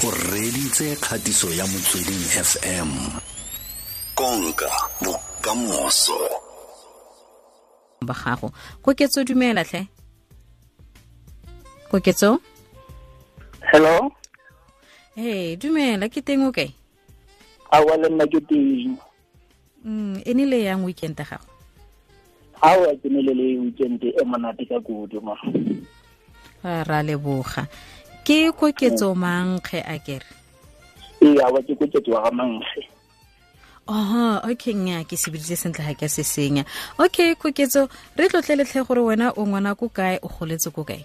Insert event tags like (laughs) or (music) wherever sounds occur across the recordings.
o reditse kgatiso ya motsweding fm konka bokamoso ba gago koketso dumela tlhe koketso hello hey ee, dumela ke teng o kae le nna ke teng mm e ne le yang weekend ya gago awa ke ne le le weekend e monate ka kudu ma ra leboga ke koketso mankge a kere ee awa ke koketso wa ga mankge aha okay nya ke se biditse sentle ga ke se senya okay koketso re tlotletlhe gore wena o ngwana ko kae o goletse ko kae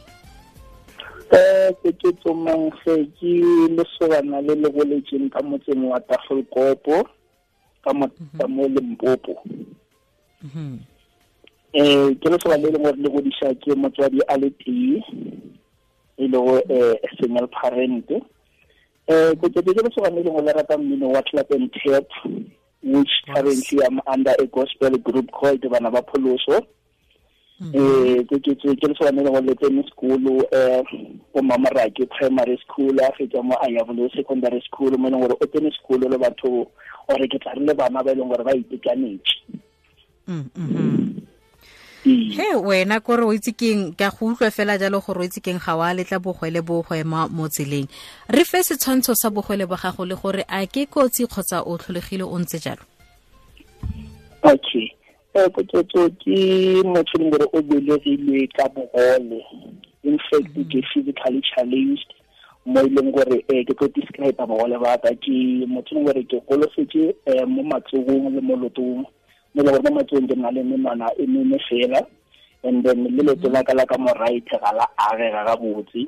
eh koketso mankge ke lesobana le le goletseng ka motseng wa tafelkopo ka mo mhm. lempopo um mhm. eh, ke lesobana le e leng gore le godisa ke motswadi a le tee e le go um single parent um eh, go ke ke so gane lengwe le rata mmino wa clap and tap which currently am under a gospel group called bana ba pholoso um ke ke ke ke so lengwe le teng e school um eh, o mamaraki primary school a fetsa mo a ya secondary school mo e leng gore o tsene school le batho o re ke tla le bana ba e leng gore ba itekanetse mm-hmm. he wena kore o itse keng ka go utlwa fela jalo gore o itse keng ga wa letla bogwele bo go ema mo tseleng re fe setshwantsho sa bogwele ba gago le gore a ke kotsi kgotsa o tlholegile o ntse jalo okay koketso e, ke motho le gore o belegilwe ka bogole in fact mm-hmm. ke physically challenged mo e leng gore um ke tlo describe bogole ba ka ke motho le gore ke golofetse um mo matsogong le mo lotong me le gore mo matsong ke nna le menwana e mene fela and then le leto mm-hmm. la ka la ka morite ga la agega ga botse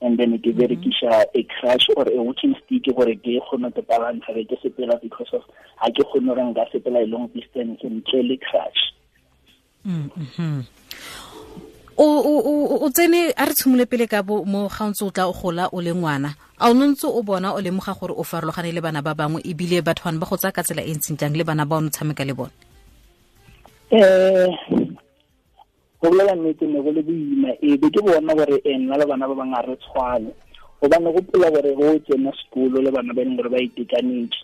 and then ke mm-hmm. berekisa a crush or a walking stick gore ke kgone to balance be ke sepela because of ga ke kgone gore nka sepela e long distance ntle le crush mm-hmm. o tsene a re tshimole pele ka mo ga ntse o tla o gola o le ngwana a o nontse o bona o lemoga gore o farologane le bana ba bangwe ebile batho bane ba go tsaya ka tsela e, e ntseng jang le bana ba o tshameka le bone eh go bolela nnete ne go le boima e be ke bona gore eh, nna le bana ba bang a re tshwane gobane gopola gore go tsena sekolo le bana ba e leng gore ba itekanetse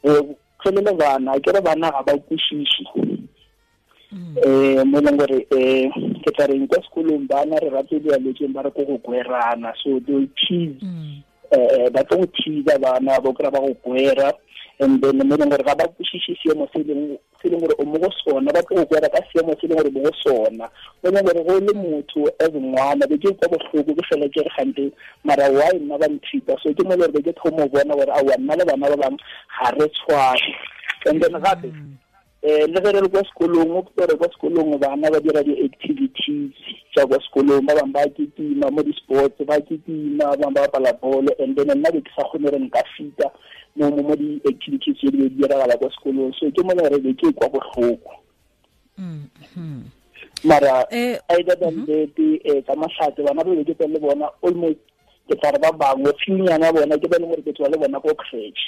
um eh, tlhole le bana ke re bana ga ba kwešiše eh, um mo e leng gore um ke tla reng kwa sekolong bana re rate dialetseng ba re ko go kwerana so they tease um ba tlo go teasa bana ba kry-a ba go kwera and then mo e leng gore ga ba kwešiše seemo se e leng se leng gore o mo go sona ba tlo go kwera ka seemo se e leng gore mo go sona o nya gore go le motho as ngwana be ke kwa botlhoko ke fela ke re gante mara wa e nna ba nthipa so ke mo le gore ke thomo bona gore a wa nna le bana ba bang ga re tshwane and then gape mm. eh, le ge le kwa sekolong o kere kwa sekolong bana ba dira di-activities tsa kwa sekolong ba bangwe ba kitima mo di-sports ba kitima ba bangwe ba bala bolo and then nna be ke sa kgone re nka fita mo mo di-activities tse di diragala kwa sekolong so ke mona re be ke kwa botlhoko mm, mm-hmm. mara eh, either than mm-hmm. that um tsa matlhatse bana ba be ke tsele bona almost ke tsare ba bangwe fewnyana bona ke ba e leng gore ke tsewa le bona ko crutch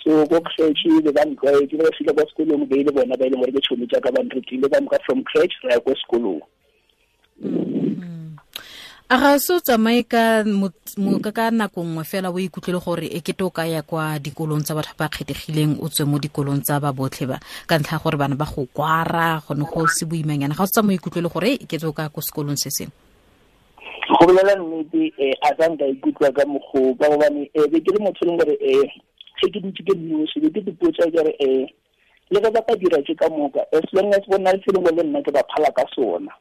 so ko crutch be ba ntlwaetse ba fila kwa sekolong be le bona ba e leng gore ke tšhomi jaaka ba nrutile ba moka from crutch ra ya ko sekolong mm, mm-hmm. a ga se o tsamaye ka nako nngwe fela o ikutlwele gore e kete o ka ya kwa dikolong tsa batho ba kgethegileng o tswe mo dikolong tsa ba botlhe ba ka ntlha ya gore bana ba go kwara gone go se boimanyana ga o tsa mo ikutlwele gore e kete o ka ko sekolong se sengwe go bolela nnete um a ka nka ikutlwa ka mokgo ka gobane um be ke le motho e leng gore um ge ke dutse ke nosi be ke dipotsa e kere um le ka ba ka dira tse ka moka as long as go nna le se e lengwe le nna ke ba phala ka sona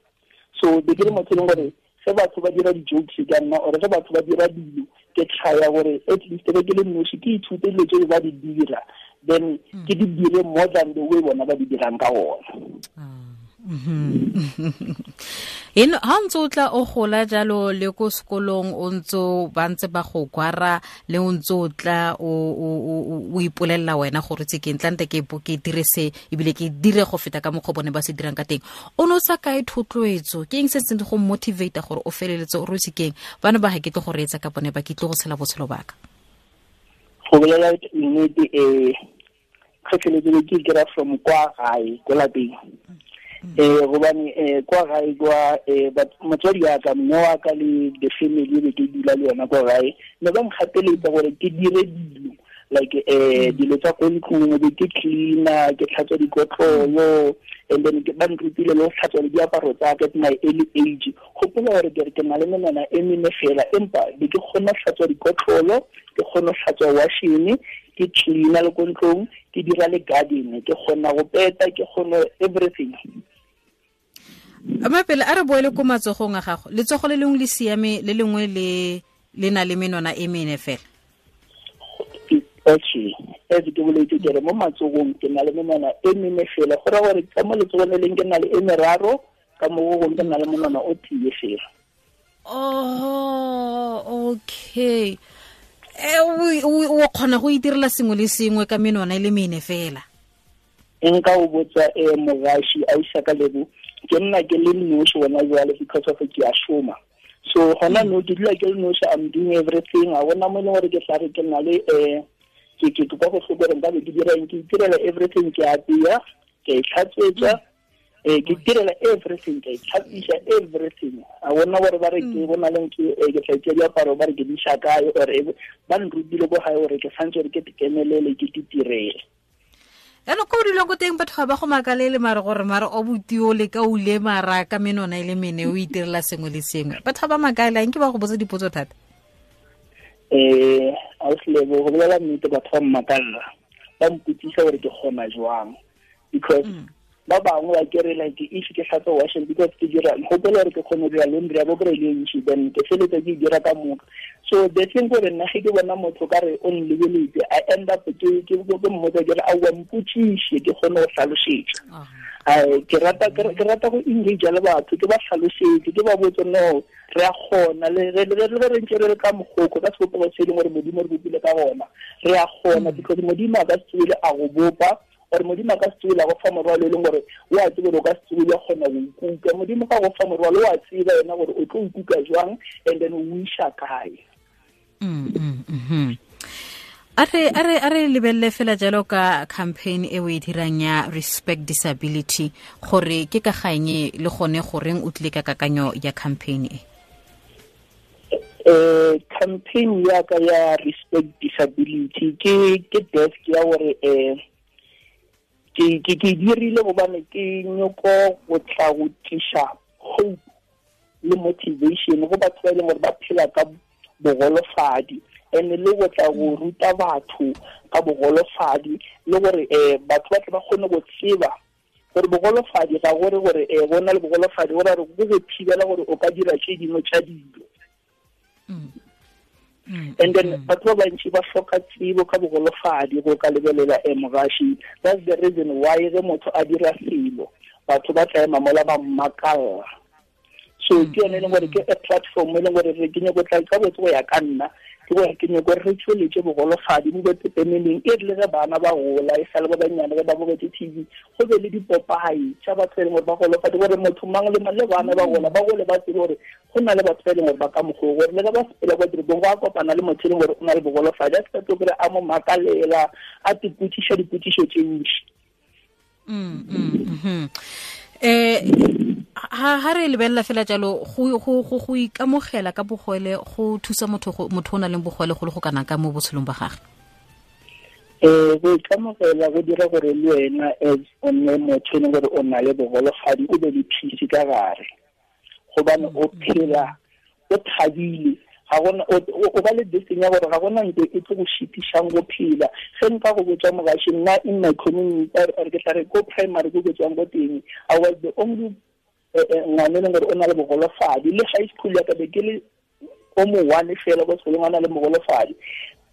so be ke le motho e leng gore ge batho ba dira di-jokes ka nna ore ge batho ba dira dilo ke tlhaya gore at least be ke le nosi ke ithute ba di dira then ke di dire more than the way bona ba di dirang ka ona ah. Mm-hmm. (laughs) eno ha ntse o tla o gola jalo le ko sekolong o ntse ba ntse ba go gwara le o ntse o tla o ipolelela wena gore tse ke ntla nte ke ke dire se ebile ke dire go feta ka mokgwa bone ba se dirang ka teng o ne o sa kae thotloetso ke eng se se go motivata gore o feleletse o re sekeng bana ba ga ke tle go reetsa ka bone ba ke tle go tshela botshelo baka go bolela nnete um eh, kgetlheletse ke kry-a from kwa gae ko lapeng Mm. eh gobane eh, um kwa gae kwa um motswadi wa ka mme wa ka le the family be ke dula le yona kwa gae mme ba nkgapeletsa gore ke dire dilo like eh mm. dilo tsa ko ntlong be ke cleana ke tlhatswa dikotlolo and then ba nrutile le go tlhatswa le diaparo tsaka ka at my early age gopola gore kere ke na le menana e mene fela empa be ke kgona tlhatswa dikotlolo ke kgona tlhatswa washine ke cleana le ko ntlong ke dira le garden ke kgona go peta ke kgona everything mapele a re boele ko matsogong a gago letsogo le lengwe le siame le lengwe le le na le menona e mene fela okay as ke boletse kere mo matsogong ke na le menona e mene fela go ra gore ka mo letsogong le leng ke na le e meraro ka mo ke na le menona o tie fela oh okay eh, o kgona go itirela sengwe le sengwe ka menona e le mene fela nka o botsa um eh, mogashi a isa ka lebo ke nna ke le noši gona jale because of ke a šoma so gona mm. no ke dula ke le noši i'm doing everything ga bona mo e leng gore ke tlare ke nna le um ke kwa go gore nka be ke dirang ke itirela everything ke apeya ke e tlhatswetsa um mm. eh, ke itirela everything ke e tlhatsisa everything ga bona gore ba re ke mm. bona leng e, eh, ke ke tlaitse diaparo ba re ke diša kae or e, ba nrutile ko gae gore ke santse gore ke tekemelele ke ditirele yanong ko o dulang ko teng batho ga ba go makale le mare gore mare o boti o le ka ule mara ka menona e le mene o itirela sengwe le sengwe batho ga ba makale ang ke ba go botsa dipotso thata um ausilebo go bolela nnete batho ba mmakalela ba mputisa gore ke kgona jwang because ba bangwe ba kere like if ke tlhatsa washing because ke dira gopela gore ke kgone go dira laundry ya bo kry le ntšhi then ke feletsa ke dira ka moka so the thing gore nna ge ke bona motho ka re o nlebeletse i end up ke mmotsa ke re a wa ke kgone go tlhalosetsa ke rata go engage le batho ke ba tlhalosetse ke ba botse no re a kgona le re rentse re le ka mogoko ka sekopego se e leng gore modimo re bopile ka gona re a kgona mm. because modimo a ka se a go bopa gore modimo a ka se a go fa morwalo e leng gore o a tsebe gore o ka se tsebile kgona go ikuka modimo ka go fa morwalo o a tseba yena gore o tlo ikuka jwang and then o wisa kae mm, mm, mm-hmm. a re lebelele fela jalo ka campaign e o e dirang ya respect disability gore ke ka ganye le gone goreng o tlile ka kakanyo ya campaign e eh campaign ya ka ya respect disability ke ke desk ya gore eh ke ke ke dirile gobane ke nyoko go tla go tiša hope le motivation go batho ba e leng gore ba phela ka bogolofadi and le go tla go ruta batho ka bogolofadi le gore um batho ba tle ba kgone go tseba gore bogolofadi ga gore gore eh, um go na le bogolofadi go ra gore go go thibela gore o ka dira tse dingwe tša dilo mm. Mm. and then batho mm. ba bantši ba hloka tsebo ka bogolofadi go ka lebelela emogashi that's the reason why ge motho a dira selo batho ba tla ema mola ba mmakalla so ke mm, yone e leng gore ke a platform e leng gore re kenye go tla ka botse go ya ka nna ke go ke nyako re tsholetse bogolofadi mo botepemeleng e le ge bana ba gola e sale ba banyane ba ba bobetse t go be le dipopai tsa batho e leng gore ba golofadi gore motho mang le mang le bana ba gola ba gole ba tsebe gore go nna le batho ba e mo gore ba ka mogolo gore le ga ba sepela kwa dire go a kopana le motho e gore o na le bogolofadi a se tlo gore a mo makalela a ntshi mm mm mm eh ha re lebella fela jalo go ikamogela ka bogole go thusa motho o na leng bogole go le go kana ka mo botshelong ba gage um go ikamogela go dira gore le wena as o nne motho e gore o na le bogologadi o be le phisi ka gare gobane o phela o thabile ga gona o ba le deseng ya gore ga gona nto e tle go shitišang go phela ge nka go botsa mogaši nna in my community or ke tla re ko primary ko ke ko teng i was the only E, e, ngwane leng gore o na le bogolofadi le high school ya ka be ke le o mo one fela ko sekolong a na le mogolofadi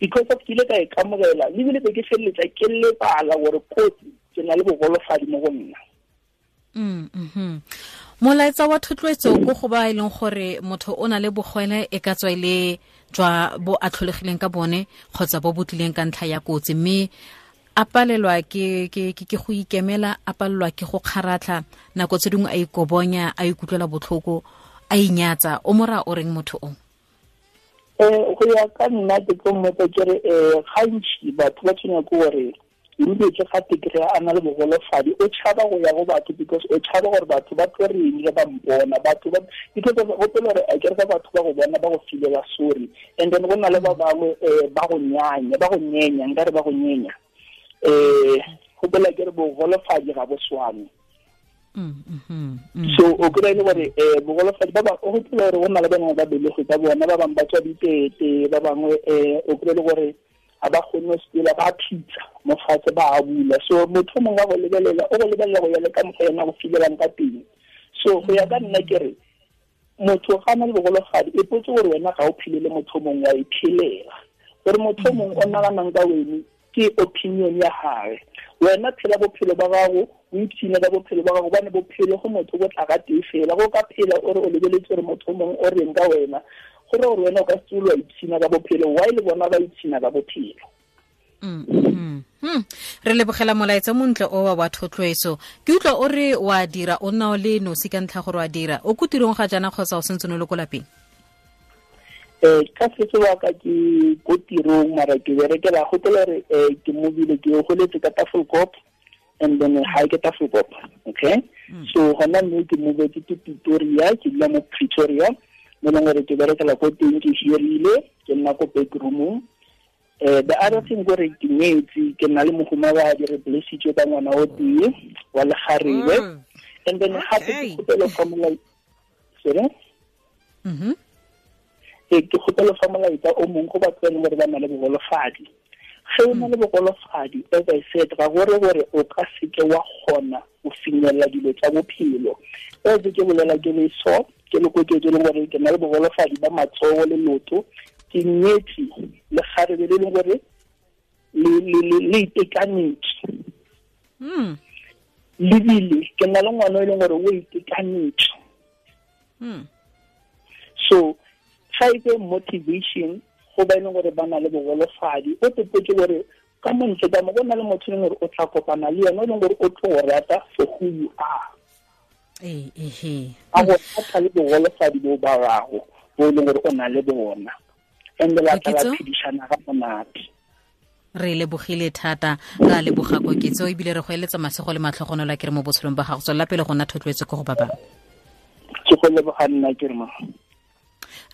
because of ke ile ka e kamogela le bile be ke feleletsa ke lebala gore kotsi ke na le bogolofadi mo go nna mm, mm-hmm. molaetsa wa thotloetso ko go ba e leng gore motho o na le bogwele e ka tswa e le jwa bo a tlholegileng ka bone kgotsa bo bo tlileng ka ntlha ya kotsi mme a palelwa ke, ke, ke, ke go ikemela a palelwa ke go kgaratlha nako tse dingwe a ikobonya a ikutlwela botlhoko a inyatsa o mora o reng motho o um go ya ka nna ke tlo mmotsa kere um eh, gantši batho ba tshwenya ke gore ruletse e gate kry-a a na le bogolofadi o tšhaba go ya go batho because o tšhaba gore batho ba tlo reng ge ba mpona batho ba gopele gore a kere ka batho ba go bona ba go filela sorry and then go na le ba bangwe um ba go nyanya ba go nyenya nkare ba go nyenya um eh, gopola ke re bogolofadi ga bo swane mm, mm, mm, so o kry e le gore um eh, bogolofadi ba o gopola gore go nna le banangwe ba belegi ka bona ba bangwe ba tswa ditete ba bangwe um o kry e le gore ga ba kgone go sepela ba phitsa mofatshe ba a bula so motho mongwe a go lebelela o go lebelela go ya le ka mokgwa yona go filelang ka teng so go ya ka nna ke re motho ga na le bogolofadi e potse gore wena ga o phile le motho o mongwe wa e phelela gore motho mongwe o naganang ka wene ke opinion ya gage wena phela bophelo ba gago o ipshine ka bophelo ba gago bane bophelo go motho bo tla ka tee fela go ka phela ore o lebeletse gore motho o mongwe o reng ka wena go gore wena o ka sele wa ipshina ka bophelo wa e le bona ba ipshina ka bophelo mm-hmm. hmm. re lebogela molaetsa montle o wa wa thotloetso ke utlwa o re wa dira o nna o le nosi ka ntlha gore wa dira o ko tirong ga jaana kgotsa o sentse ne le ko lapeng um ka setso wa ke ko tirong mara ke berekela gotela gore um eh, ke mobile ke goletse ka tafelkop and then ga ke tafelkop okay mm. so gona mme ke mobetse ke pretoria ke dula mo pretoria mo e leng gore ke berekela ko teng ke hirile ke nna ko backroomong um the other thing gore ke nyetse ke nna le mogomabadi re blessitswe ka ngwana o tee wa legarebe mm. and then gape ke kgopele ka molao ke ke fa molaetsa o mongwe go batho ba e gore ba na le bogolofadi ge o na le bogolofadi as i said ga gore gore o ka seke wa kgona go finyelela dilo tsa bophelo as ke bolela ke le so ke le koketso e leng gore ke na le bogolofadi ba matsogo le loto ke nyetse legarebe le leng gore le itekanetse hmm. lebile ke na le ngwana e leng gore o itekanetse hmm. so tshwaetse motivation go ba e leng gore ba na le bogolofadi o topetse gore ka montle ka mo go na le motho e leng gore o tla kopana le yone o e leng gore o tlo go rata for who you are eh, a go rata le bogolofadi bo ba gago bo e leng gore o na le bona and la phedišana ga monate re lebogile thata ra leboga koketso ebile re go eletsa masego le matlhogonolo a kere mo botshelong ba gago tswelela pele go nna thotloetso ko go ba bangwe ke go leboga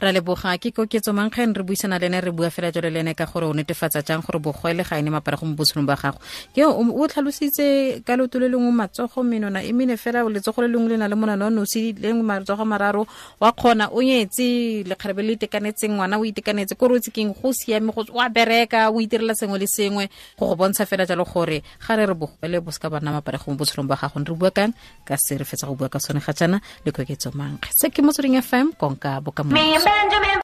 ra leboga ke koketso mankgang re buisana le ene re bua fela jalo le ene ka gore o netefatsa jang gore bogwele ga ene maparego go mo botshelong ba gago ke o tlhalositse ka loto le lengwe matsogo menona e mene fela letsogo le lengwe le na le monana o nosi lengwe matsogo mararo wa kgona o nyetse lekgarebe le itekanetseng ngwana o itekanetse kore o tsekeng go siame go wa bereka o itirela sengwe le sengwe go go bontsha fela jalo gore ga re re bogwele bo seka banna maparego mapare go mo botshelong ba gago re bua kang ka se re fetsa go bua ka sone ga jana le koketso mankge se ke motsweding fm konka bokamo Benjamin